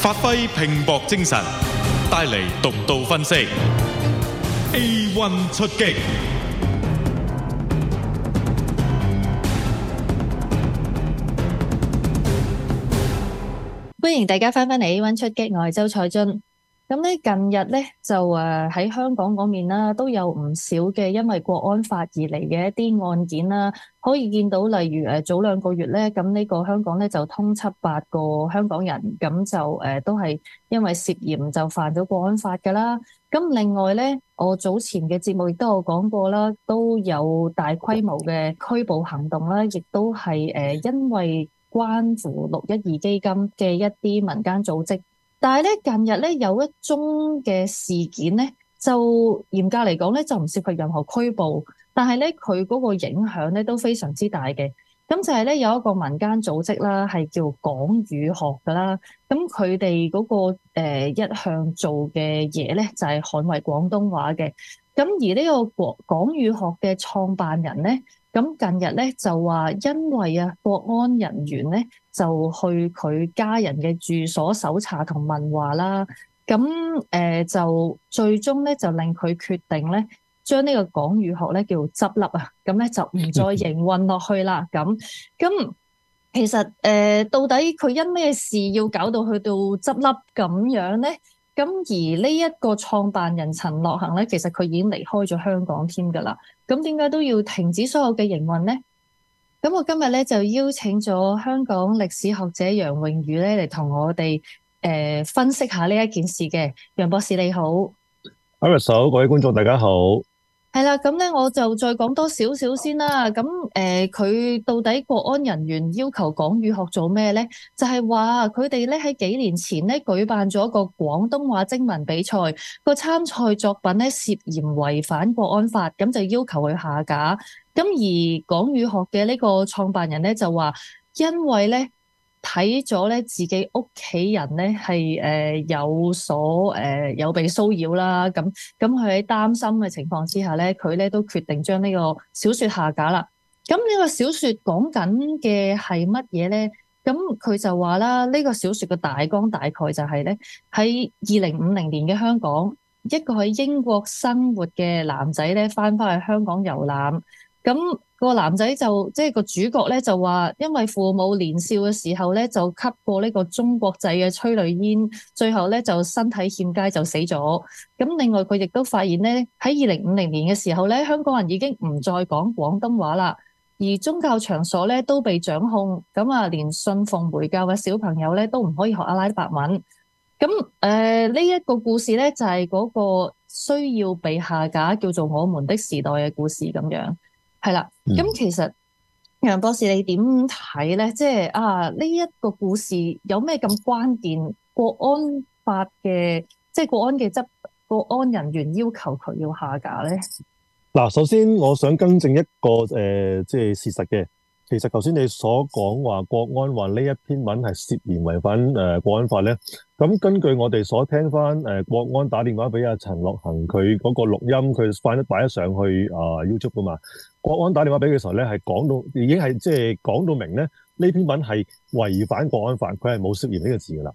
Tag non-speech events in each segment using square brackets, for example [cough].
發揮拼搏精神，帶嚟獨到分析。A One 出擊，歡迎大家翻返嚟 A One 出擊，我係周采蓁。咁咧近日咧就誒喺香港嗰面啦，都有唔少嘅因為國安法而嚟嘅一啲案件啦，可以見到例如誒早兩個月咧，咁呢個香港咧就通緝八個香港人，咁就誒都係因為涉嫌就犯咗國安法㗎啦。咁另外咧，我早前嘅節目亦都有講過啦，都有大規模嘅拘捕行動啦，亦都係誒因為關乎六一二基金嘅一啲民間組織。但係咧，近日咧有一宗嘅事件咧，就嚴格嚟講咧，就唔涉及任何拘捕，但係咧佢嗰個影響咧都非常之大嘅。咁就係咧有一個民間組織啦，係叫港語學噶啦。咁佢哋嗰個、呃、一向做嘅嘢咧，就係、是、捍衞廣東話嘅。咁而呢個國港語學嘅創辦人咧，咁近日咧就話因為啊，國安人員咧。就去佢家人嘅住所搜查同問話啦，咁誒、呃、就最終咧就令佢決定咧，將呢個港語學咧叫做執笠啊，咁咧就唔再營運落去啦。咁咁其實誒、呃、到底佢因咩事要搞到去到執笠咁樣咧？咁而呢一個創辦人陳樂行咧，其實佢已經離開咗香港添㗎啦。咁點解都要停止所有嘅營運咧？咁我今日咧就邀請咗香港歷史學者楊穎宇咧嚟同我哋誒、呃、分析下呢一件事嘅，楊博士你好，阿 Sir，各位觀眾大家好。係啦，咁咧我就再講多少少先啦。咁，誒、呃，佢到底國安人員要求港語學做咩咧？就係話佢哋咧喺幾年前咧舉辦咗一個廣東話徵文比賽，個參賽作品咧涉嫌違反國安法，咁就要求佢下架。咁而港語學嘅呢個創辦人咧就話，因為咧。睇咗咧，自己屋企人咧係誒有所誒有被騷擾啦，咁咁佢喺擔心嘅情況之下咧，佢咧都決定將呢個小說下架啦。咁呢個小說講緊嘅係乜嘢咧？咁佢就話啦，呢個小說嘅大綱大概就係咧，喺二零五零年嘅香港，一個喺英國生活嘅男仔咧，翻返去香港遊覽咁。個男仔就即係個主角咧，就話因為父母年少嘅時候咧，就吸過呢個中國製嘅催淚煙，最後咧就身體欠佳就死咗。咁另外佢亦都發現咧，喺二零五零年嘅時候咧，香港人已經唔再講廣東話啦，而宗教場所咧都被掌控，咁啊，連信奉回教嘅小朋友咧都唔可以學阿拉伯文。咁誒呢一個故事咧，就係嗰個需要被下架叫做我們的時代嘅故事咁樣。係啦，咁其實楊博士你點睇咧？即係啊，呢一個故事有咩咁關鍵？國安法嘅即係國安嘅執，國安人員要求佢要下架咧。嗱，首先我想更正一個誒，即係事實嘅。其實頭先你所講話國安話呢一篇文係涉嫌違反誒國安法咧，咁根據我哋所聽翻誒國安打電話俾阿陳樂恒佢嗰個錄音，佢翻得擺一上去啊 YouTube 噶嘛，國安打電話俾佢嘅時候咧係講到已經係即係講到明咧，呢篇文係違反國安法，佢係冇涉嫌呢個字噶啦。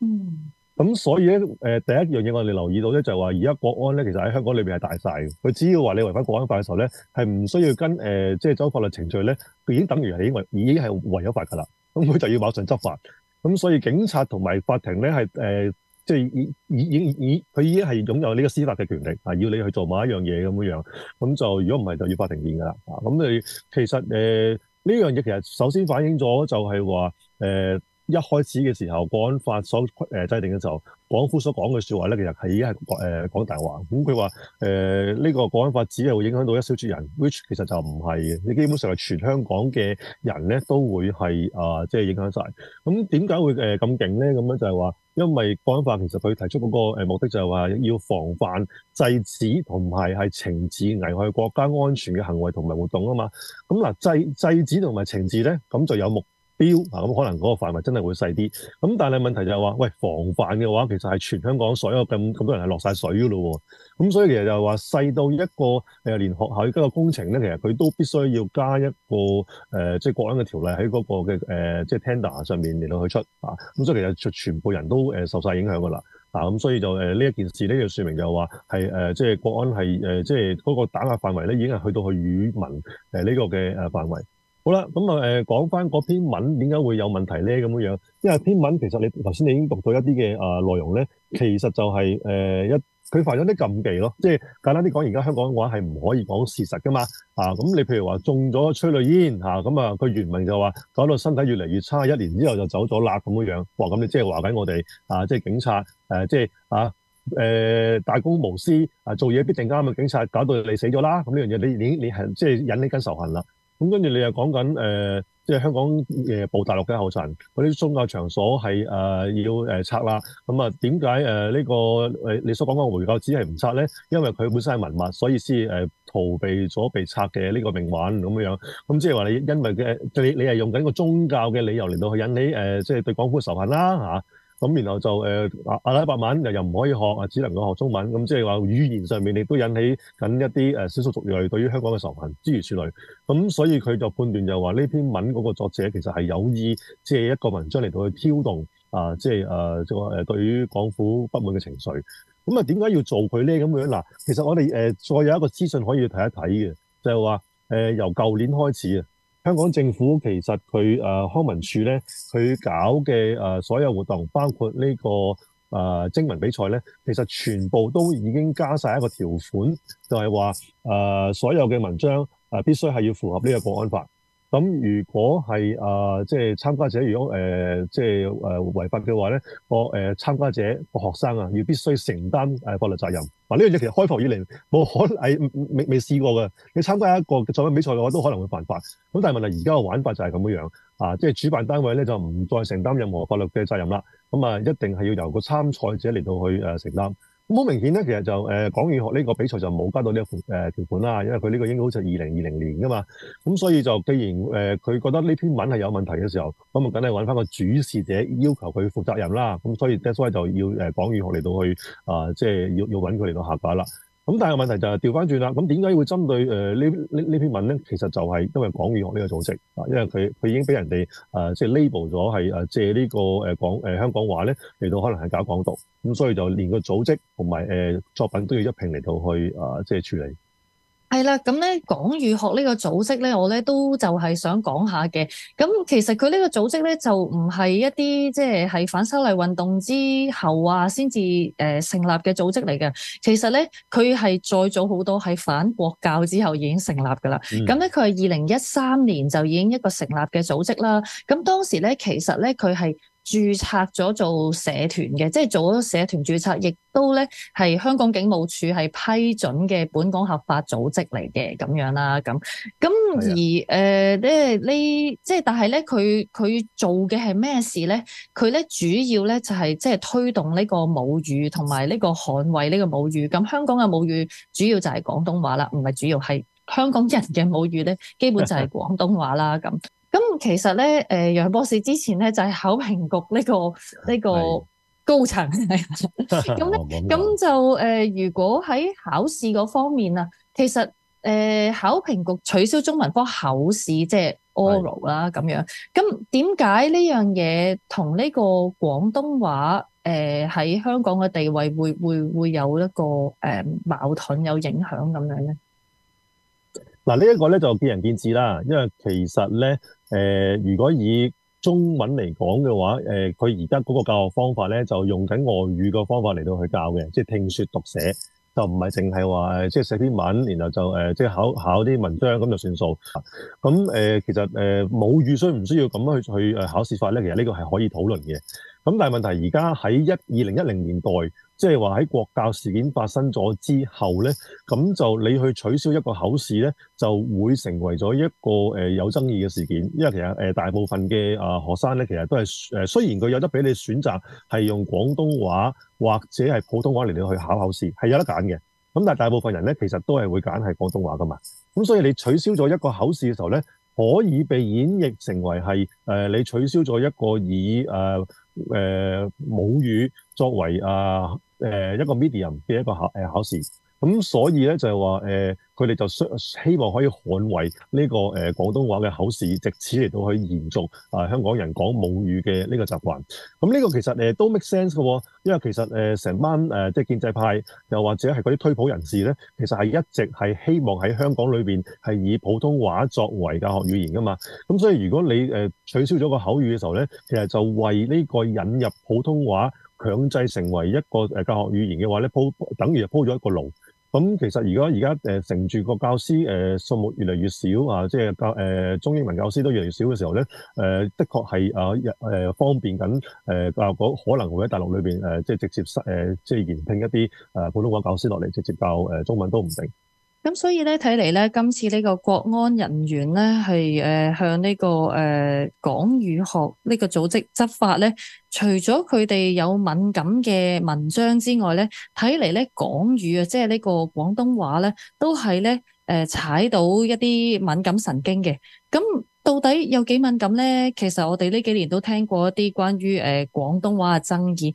嗯。咁所以咧、呃，第一樣嘢我哋留意到咧，就係話而家國安咧，其實喺香港裏面係大晒嘅。佢只要話你違反國安法嘅時候咧，係唔需要跟誒，即係走法律程序咧，佢已經等於係已違，已經係違咗法噶啦。咁佢就要馬上執法。咁所以警察同埋法庭咧，係誒，即係已已已經已，佢已經係擁有呢個司法嘅權力，要你去做某一樣嘢咁樣。咁就如果唔係，就要法庭見噶啦。咁你其實誒呢、呃、樣嘢其實首先反映咗就係話誒。呃一開始嘅時候，《國安法》所誒制定嘅時候，港府所講嘅說話咧，其實係已經係誒講大話。咁佢話誒呢個《國安法》只係會影響到一小撮人，which 其實就唔係，你基本上係全香港嘅人咧都會係啊，即係影響晒。咁點解會咁勁咧？咁樣就係話，因為《國安法》其實佢提出嗰個目的就係話要防範制止同埋係懲治危害國家安全嘅行為同埋活動啊嘛。咁嗱，制制止同埋懲治咧，咁就有目標啊，咁可能嗰個範圍真係會細啲，咁但係問題就係話喂，防範嘅話其實係全香港所有咁咁多人係落晒水咯喎，咁、啊、所以其實就係話細到一個誒連學校而家個工程咧，其實佢都必須要加一個誒即係國安嘅條例喺嗰、那個嘅誒、呃、即係、就是、tender 上面嚟到去出啊，咁所以其實全全部人都誒受晒影響㗎啦，啊咁所以就誒呢一件事咧就說明就係話係誒即係國安係誒即係嗰個打壓範圍咧已經係去到去語文誒呢個嘅誒範圍。好啦，咁啊，誒講翻嗰篇文點解會有問題咧？咁樣樣，因為篇文其實你頭先你已經讀到一啲嘅啊內容咧，其實就係、是、誒、呃、一佢犯咗啲禁忌咯。即、就、係、是、簡單啲講，而家香港嘅話係唔可以講事實噶嘛。啊，咁你譬如話中咗催淚煙嚇，咁啊佢原文就話，搞到身體越嚟越差，一年之後就走咗喇咁樣樣。哇，咁你即係話緊我哋啊，即、就、係、是、警察誒，即係啊誒、就是啊呃、大公無私啊，做嘢必定啱嘅警察，搞到你死咗啦。咁、啊、呢樣嘢你你你即係、就是、引呢根仇恨啦。咁跟住你又講緊誒，即、呃、係、就是、香港誒步大陸嘅後塵，嗰啲宗教場所係誒、呃、要、呃、拆啦。咁啊，點解誒呢個你所講嘅回教寺係唔拆咧？因為佢本身係文物，所以先誒、呃、逃避咗被拆嘅呢個命運咁樣。咁即係話你因為嘅你你係用緊個宗教嘅理由嚟到去引起誒，即、呃、係、就是、對港府仇恨啦、啊咁然後就誒阿拉伯文又又唔可以學啊，只能夠學中文。咁即係話語言上面亦都引起緊一啲誒少數族裔對於香港嘅仇恨諸如此類。咁所以佢就判斷就話呢篇文嗰個作者其實係有意借一個文章嚟到去挑動啊，即係誒個誒對於港府不滿嘅情緒。咁啊，點解要做佢咧？咁樣嗱，其實我哋再有一個資訊可以睇一睇嘅，就係話由舊年開始啊。香港政府其實佢誒、啊、康文署咧，佢搞嘅、啊、所有活動，包括呢、呢個誒徵、啊、文比賽咧，其實全部都已經加晒一個條款，就係話誒所有嘅文章、啊、必須係要符合呢個國安法。咁如果係啊，即係參加者如果誒，即係誒違法嘅話咧，個誒參加者個學生啊，要必須承擔誒法律責任。嗱，呢樣嘢其實開埠以嚟冇可能未未試過嘅。你參加一個作文比賽嘅話，都可能會犯法。咁但係問題而家嘅玩法就係咁樣啊，即係主辦單位咧就唔再承擔任何法律嘅責任啦。咁啊，一定係要由個參賽者嚟到去誒承擔。咁好明顯咧，其實就誒、呃、港語學呢個比賽就冇加到呢、呢個誒、呃、條款啦，因為佢呢個應該好似二零二零年噶嘛，咁所以就既然誒佢、呃、覺得呢篇文係有問題嘅時候，咁啊梗係搵翻個主事者要求佢負責任啦，咁所以 that's why 就要誒、呃、港語學嚟到去啊，即、呃、係、就是、要要揾佢嚟到下架啦。咁但係問題就係調翻轉啦，咁點解會針對誒呢呢呢篇文咧？其實就係因為港語學呢個組織啊，因為佢佢已經俾人哋誒即係 label 咗係誒借呢個誒香港話咧嚟到可能係搞港獨。咁所以就連個組織同埋誒作品都要一併嚟到去啊即係處理。係啦，咁咧港語學呢個組織咧，我咧都就係想講下嘅。咁其實佢呢個組織咧，就唔係一啲即係反修例運動之後啊，先至誒成立嘅組織嚟嘅。其實咧，佢係再早好多，係反國教之後已經成立㗎啦。咁咧、嗯，佢係二零一三年就已經一個成立嘅組織啦。咁當時咧，其實咧，佢係。註冊咗做社團嘅，即係做咗社團註冊，亦都咧係香港警務處係批准嘅本港合法組織嚟嘅，咁樣啦，咁咁的而誒、呃，即係呢，即係但係咧，佢佢做嘅係咩事咧？佢咧主要咧就係即係推動呢個母語同埋呢個捍衞呢個母語。咁香港嘅母語主要就係廣東話啦，唔係主要係香港人嘅母語咧，基本就係廣東話啦，咁。 [laughs] 咁其實咧，誒楊博士之前咧就係、是、考評局呢、呢個呢、呢個高層咁咧咁就誒、呃，如果喺考試嗰方面啊，其實誒、呃、考評局取消中文科考試，即係 oral 啦咁樣，咁點解呢樣嘢同呢個廣東話誒喺、呃、香港嘅地位會會會有一個誒、呃、矛盾有影響咁樣咧？嗱，呢一個咧就是、見仁見智啦，因為其實咧。誒、呃，如果以中文嚟講嘅話，誒、呃，佢而家嗰個教學方法咧，就用緊外語個方法嚟到去教嘅，即、就、係、是、聽説讀寫，就唔係淨係話，即、呃、係、就是、寫篇文，然後就誒，即、呃、係、就是、考考啲文章咁就算數。咁、啊、誒、呃，其實誒、呃、母語需唔需要咁樣去去誒考試法咧？其實呢個係可以討論嘅。咁但係問題而家喺一二零一零年代。即係話喺國教事件發生咗之後咧，咁就你去取消一個考試咧，就會成為咗一個、呃、有爭議嘅事件。因為其實、呃、大部分嘅啊、呃、學生咧，其實都係誒、呃、雖然佢有得俾你選擇係用廣東話或者係普通話嚟你去考考試，係有得揀嘅。咁但係大部分人咧，其實都係會揀係廣東話噶嘛。咁所以你取消咗一個考試嘅時候咧，可以被演繹成為係誒、呃、你取消咗一個以誒、呃呃、母語作為啊，呃誒一個 medium 嘅一個考誒考試，咁所以咧就係話佢哋就希希望可以捍衛呢個誒廣東話嘅口試，藉此嚟到去延續啊香港人講母語嘅呢個習慣。咁呢個其實誒都 make sense 嘅喎，因為其實誒成班誒即係建制派，又或者係嗰啲推普人士咧，其實係一直係希望喺香港裏面係以普通話作為教學語言噶嘛。咁所以如果你誒取消咗個口語嘅時候咧，其實就為呢個引入普通話。強制成為一個誒教學語言嘅話咧，鋪等於鋪咗一個路。咁其實而家而家誒乘住個教師誒、呃、數目越嚟越少啊，即係教誒、呃、中英文教師都越嚟越少嘅時候咧，誒、呃、的確係啊誒、呃、方便緊誒教嗰可能會喺大陸裏邊誒即係直接實誒、呃、即係延聘一啲誒普通話教師落嚟直接教誒、呃、中文都唔定。咁所以咧，睇嚟咧，今次呢個國安人員咧係誒向呢個誒港語學呢個組織執法咧，除咗佢哋有敏感嘅文章之外咧，睇嚟咧港語啊，即係呢個廣東話咧，都係咧誒踩到一啲敏感神經嘅。咁到底有幾敏感咧？其實我哋呢幾年都聽過一啲關於誒廣東話嘅爭議。